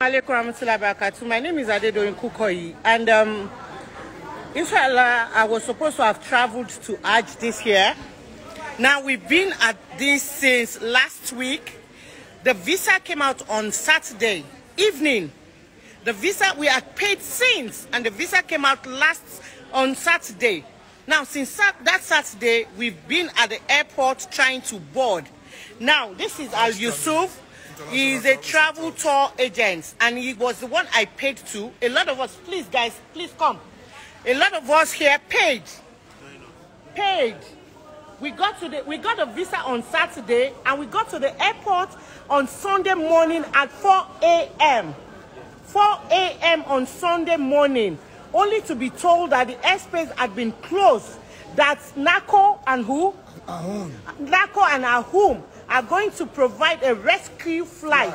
alaikum warahmatullahi My name is Adedoyin Kukoyi, and um, inshallah, I was supposed to have traveled to Hajj this year. Now, we've been at this since last week. The visa came out on Saturday evening. The visa, we had paid since, and the visa came out last on Saturday. Now, since that Saturday, we've been at the airport trying to board. Now, this is Al Yusuf. He's a travel tour agent, and he was the one I paid to. A lot of us, please, guys, please come. A lot of us here paid. Paid. We got to the we got a visa on Saturday, and we got to the airport on Sunday morning at 4 a.m. 4 a.m. on Sunday morning, only to be told that the airspace had been closed. That Nako and who? Ahum. NACO and Ahum are going to provide a rescue flight.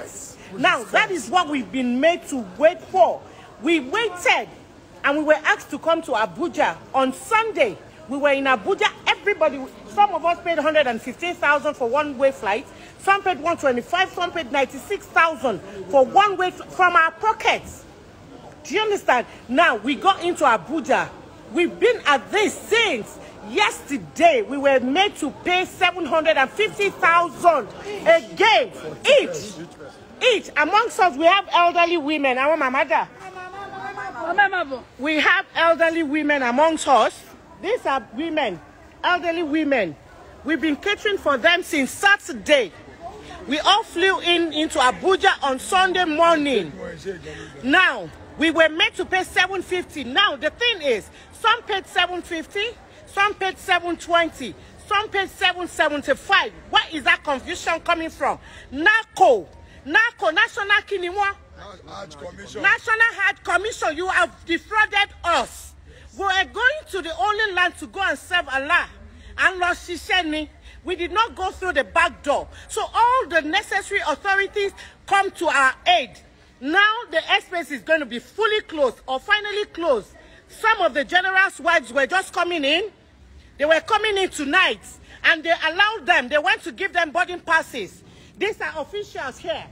now, that is what we've been made to wait for. We waited and we were asked to come to Abuja on Sunday. We were in Abuja, everybody, some of us paid 115,000 for one-way flight, some paid 125, some paid 96,000 for one-way from our pockets. Do you understand? Now, we got into Abuja We've been at this since yesterday. We were made to pay 750,000 again. Each, each. Amongst us, we have elderly women. Our mother. We have elderly women amongst us. These are women, elderly women. We've been catering for them since Saturday. We all flew in into Abuja on Sunday morning. Now, we were made to pay 750. Now, the thing is, Some paid 750, some paid 720, some paid 775. Where is that confusion coming from? NACO, NACO, National Kinimwa. National Hard Commission, you have defrauded us. We are going to the only land to go and serve Allah. And Lord Shisheni, we did not go through the back door. So all the necessary authorities come to our aid. Now the airspace is going to be fully closed or finally closed. Some of the general's wives were just coming in. They were coming in tonight and they allowed them, they went to give them boarding passes. These are officials here.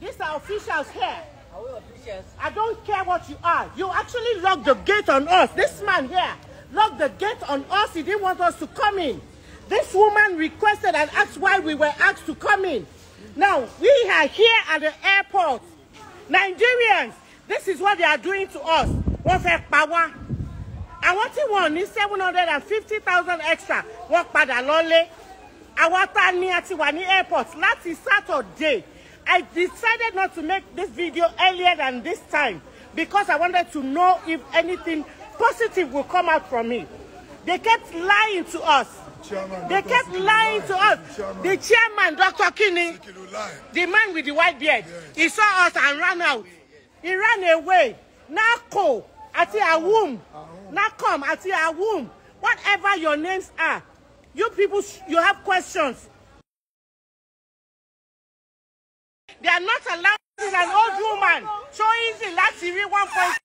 These are officials here. Are we officials? I don't care what you are. You actually locked the gate on us. This man here locked the gate on us. He didn't want us to come in. This woman requested and asked why we were asked to come in. Now, we are here at the airport. Nigerians, this is what they are doing to us. wọ́n fẹ́ pa wá àwọn tí wọ́n ní seven hundred and fifty thousand extra wọ́n padà lọ́lé àwa tá a ní a ti wà ní airport láti Saturday I decided not to make this video earlier than this time because I wanted to know if anything positive will come out from it. They kept lying to us. Chairman, they Dr. kept lying lie. to us. Chairman. The chairman, Dr. Kini, the man with the white beard, yes. he saw us and ran out. He ran away. Now, co Ati a womb, now come. Ati a womb. whatever your names are you people you have questions. they are not allowed as an old woman so easy láti rí one point.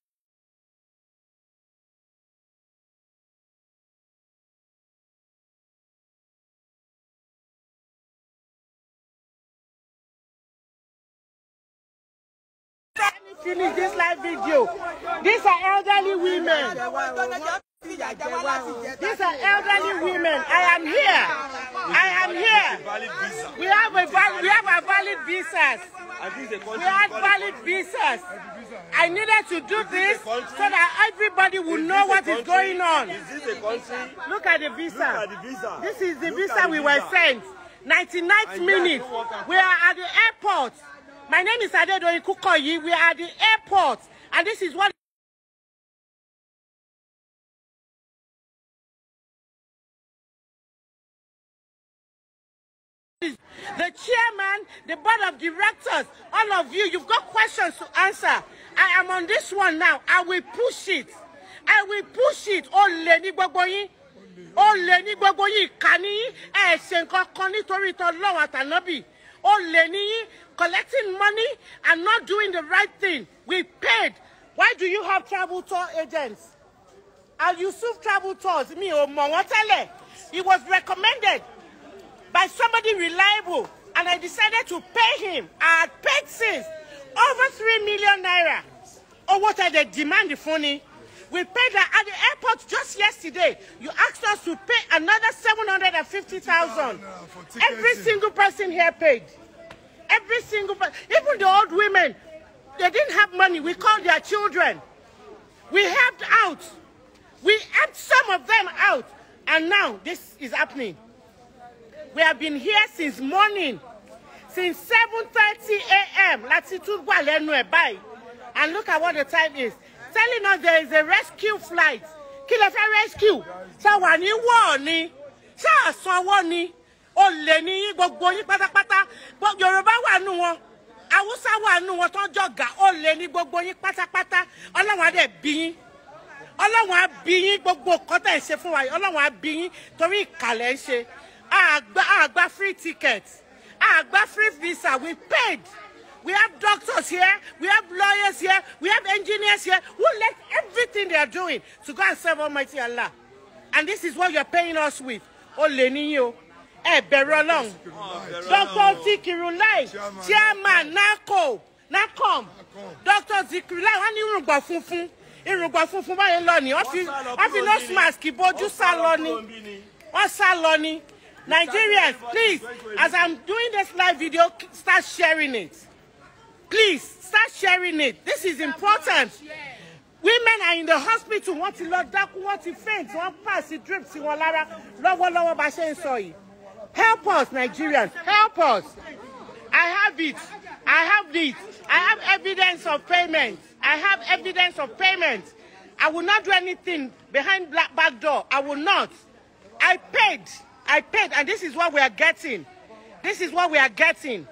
Let me finish this live video. These are elderly women. These are elderly women. I am here. I am here. We have a we have a valid visas. We have valid visas. I needed to do this so that everybody would know what is going on. this a Look at the visa. Look at the visa. This is the visa we were sent. 99th minute. We are at the airport. My name is Adedoyin Kukoyi. We are at the airport, and this is what. The chairman, the board of directors, all of you, you've got questions to answer. I am on this one now. I will push it. I will push it. Oh Lenny gbogbo oh Lenny ní gbogbo yín. Ìkà ni yín. Ẹ ṣe nǹkan kan olè ni yín collecting money and not doing the right thing we paid why do you have travel tour agents Al Yusuf travel tours mi ò mọ̀ wọ́n tẹ́lẹ̀ he was recommended by somebody reliable and I decided to pay him I had paid since over three million naira owó tẹ̀ dey demand fún ni. We paid that at the airport just yesterday. You asked us to pay another 750,000. Every single person here paid. Every single person. Even the old women, they didn't have money. We called their children. We helped out. We helped some of them out. And now this is happening. We have been here since morning, since 7.30 a.m. Latitude Walenue, bye. And look at what the time is telling us there is a rescue flight kí lè fẹ́ rescue So when you wọ́ọ̀ ni ṣe àsanwó ni olè ní yín gbogbo yín pátápátá Yorùbá wà but wọn Haúsá wà nù wọn tó ń jọ̀gà olè ní gbogbo yín pátápátá Ọlọ́run á dẹ̀ bí yín Ọlọ́run á bí yín gbogbo nǹkan tẹ̀ go. ṣe fún wa yìí Ọlọ́run á bí yín torí ìkàlẹ̀ ń ṣe àgbà free ticket àgbà free visa we paid. We have doctors here, we have lawyers here, we have engineers here who left everything they are doing to go and serve Almighty Allah. And this is what you are paying us with. Oh, ni eh, berolong, Ẹ bẹ̀rù Ọlọ́run. Dr. Zikirulai, Chairman NACO, NACOM, Dr. Zikirulai, wọ́n ní irùngbọ̀n funfun. Irùngbọ̀n funfun báyìí lọ ni. Wọ́n fi nose mask ìbojú sá lọ ni. Wọ́n sá lọ ni. Nigerians, please, as I'm doing this live video, start sharing it. Please start sharing it. This is important. Women are in the hospital. Wọ́n ti lọ dákú, wọ́n ti faint, wọ́n pass drip sí wọn lára lọ́wọ́lọ́wọ́ bá ṣe ń sọ yìí. Help us, Nigerians. Help us. I have it. I have it. I have evidence of payment. I have evidence of payment. I will not do anything behind black back door. I will not. I paid. I paid, and this is what we are getting. This is what we are getting.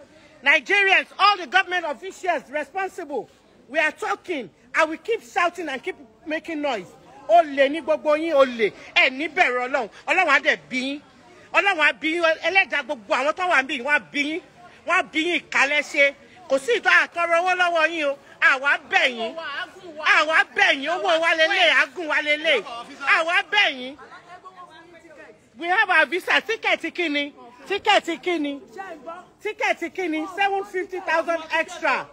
Nigerians, all the government officials responsible, we are talking and we keep shouting and keep making noise. Olè ní gbogbo yín olè ẹ ní bẹ̀rù Ọlọ́run Ọlọ́run á dẹ̀ bí yín Ọlọ́run á bí yín ẹlẹ́dàá gbogbo àwọn tó wà ń bí yín wọ́n á bí yín wọ́n á bí yín ìkálẹ̀ ṣe kò sí ìtọ́ àtọrọ owó lọ́wọ́ yín o àwa bẹ̀ yín àwa bẹ̀ yín owó wa lélẹ̀ agún wa lélẹ̀ àwa we have our visa ticket kini. ni tíkẹ́ẹ̀tì kíni tíkẹ́ẹ̀tì kíni seven fifty thousand extra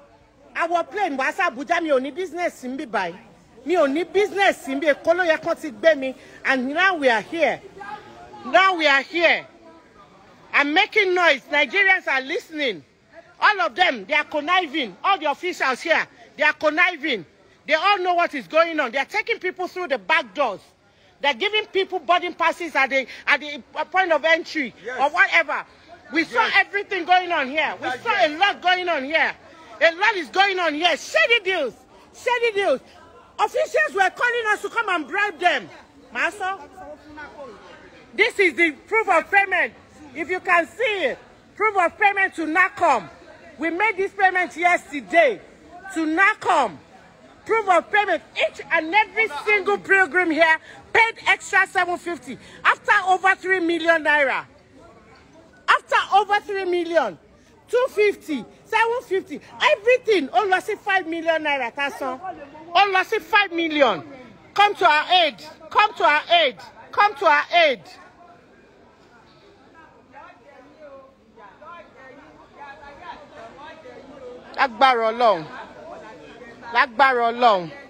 àwọn plane wá sí Abuja mi ò ní business ń bí báyìí mi ò ní business ń bí Èkó ló yẹ kán ti gbé mi and now we are here now we are here I'm making noise Nigerians are listening all of them they are conniving all the officials here they are conniving they all know what is going on they are taking people through the back doors They're giving people boarding passes at the at the uh, point of entry yes. or whatever. We saw everything going on here. We saw a lot going on here. A lot is going on here. Shady deals. Shady deals. Officials were calling us to come and bribe them. Master, this is the proof of payment. If you can see it, proof of payment to NACOM. We made this payment yesterday to NACOM. Proof of payment and every single pilgrim here paid extra 750 after over 3 million naira. After over 3 million, 250, 750, everything, ó lọ sí 5 million naira, That's all. lọ sí 5 million. Come to our aid. Come to our aid. Come to our aid. Lágbára Ọlọ́run. Lágbára Ọlọ́run.